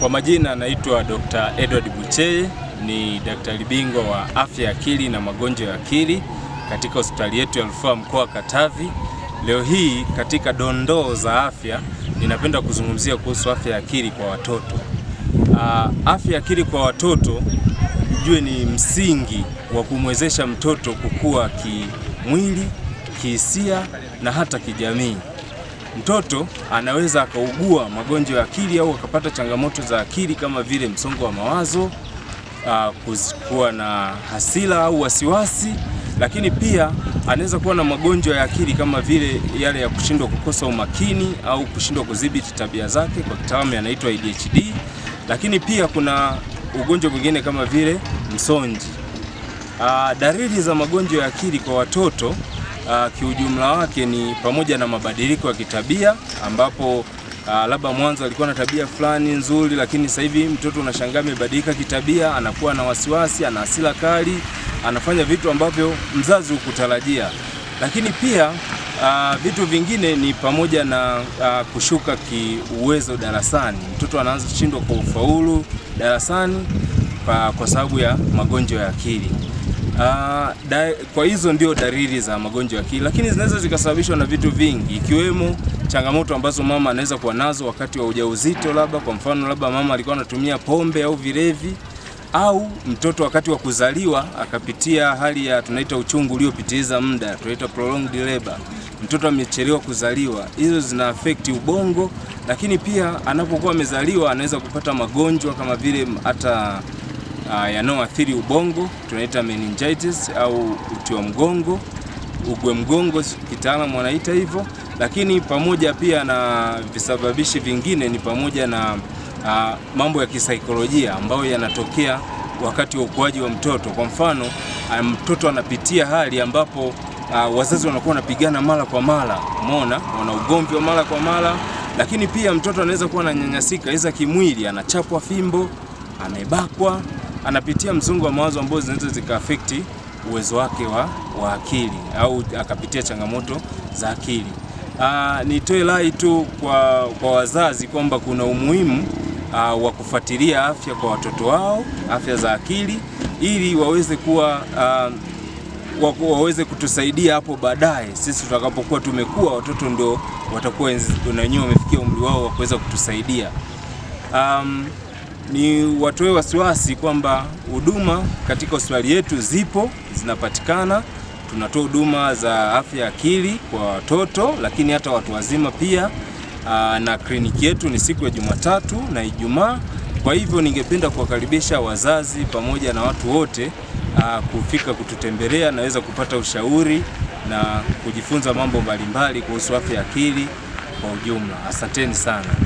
Kwa majina naitwa Dr. Edward Bucheye, ni daktari bingwa wa afya ya akili na magonjwa ya akili katika hospitali yetu ya rufaa mkoa wa Katavi. Leo hii katika dondoo za afya ninapenda kuzungumzia kuhusu afya ya akili kwa watoto. Uh, afya ya akili kwa watoto jue ni msingi wa kumwezesha mtoto kukua kimwili, kihisia na hata kijamii mtoto anaweza akaugua magonjwa ya akili au akapata changamoto za akili kama vile msongo wa mawazo, ah, kuwa na hasira au wasiwasi, lakini pia anaweza kuwa na magonjwa ya akili kama vile yale ya kushindwa kukosa umakini au kushindwa kudhibiti tabia zake, kwa kitaalamu yanaitwa ADHD. Lakini pia kuna ugonjwa mwingine kama vile msonji. Ah, dalili za magonjwa ya akili kwa watoto uh, kiujumla wake ni pamoja na mabadiliko ya kitabia ambapo Uh, labda mwanzo alikuwa na tabia fulani nzuri, lakini sasa hivi mtoto unashangaa amebadilika kitabia, anakuwa na wasiwasi, ana hasira kali, anafanya vitu ambavyo mzazi hukutarajia. Lakini pia uh, vitu vingine ni pamoja na uh, kushuka kiuwezo darasani. Mtoto anaanza kushindwa kwa ufaulu darasani kwa, uh, kwa sababu ya magonjwa ya akili. Uh, da, kwa hizo ndio dalili za magonjwa ya akili, lakini zinaweza zikasababishwa na vitu vingi ikiwemo changamoto ambazo mama anaweza kuwa nazo wakati wa ujauzito, labda kwa mfano, labda mama alikuwa anatumia pombe au vilevi, au mtoto wakati wa kuzaliwa akapitia hali ya tunaita uchungu uliopitiliza muda, tunaita prolonged labor, mtoto amechelewa kuzaliwa. Hizo zina affect ubongo, lakini pia anapokuwa amezaliwa anaweza kupata magonjwa kama vile hata Ah, yanayoathiri ubongo tunaita meningitis au uti wa mgongo, ugwe mgongo kitaalamu wanaita hivyo, lakini pamoja pia na visababishi vingine ni pamoja na a, ah, mambo ya kisaikolojia ambayo yanatokea wakati wa ukuaji wa mtoto. Kwa mfano, ah, mtoto anapitia hali ambapo a, wazazi wanakuwa wanapigana mara kwa mara, umeona, wana ugomvi wa mara kwa mara, lakini pia mtoto anaweza kuwa ananyanyasika, iza kimwili, anachapwa fimbo, amebakwa anapitia mzungu wa mawazo ambao zinaweza zikaafekti uwezo wake wa, wa akili au akapitia changamoto za akili. Ah, nitoe rai tu kwa, kwa wazazi kwamba kuna umuhimu ah, wa kufuatilia afya kwa watoto wao, afya za akili ili waweze kuwa aa, ah, waweze kutusaidia hapo baadaye, sisi tutakapokuwa tumekuwa, watoto ndio watakuwa na wenyewe wamefikia umri wao wa kuweza kutusaidia um, ni watoe wasiwasi kwamba huduma katika hospitali yetu zipo, zinapatikana. Tunatoa huduma za afya ya akili kwa watoto, lakini hata watu wazima pia. Aa, na kliniki yetu ni siku ya Jumatatu na Ijumaa. Kwa hivyo ningependa kuwakaribisha wazazi pamoja na watu wote kufika kututembelea, naweza kupata ushauri na kujifunza mambo mbalimbali kuhusu afya ya akili kwa ujumla. Asanteni sana.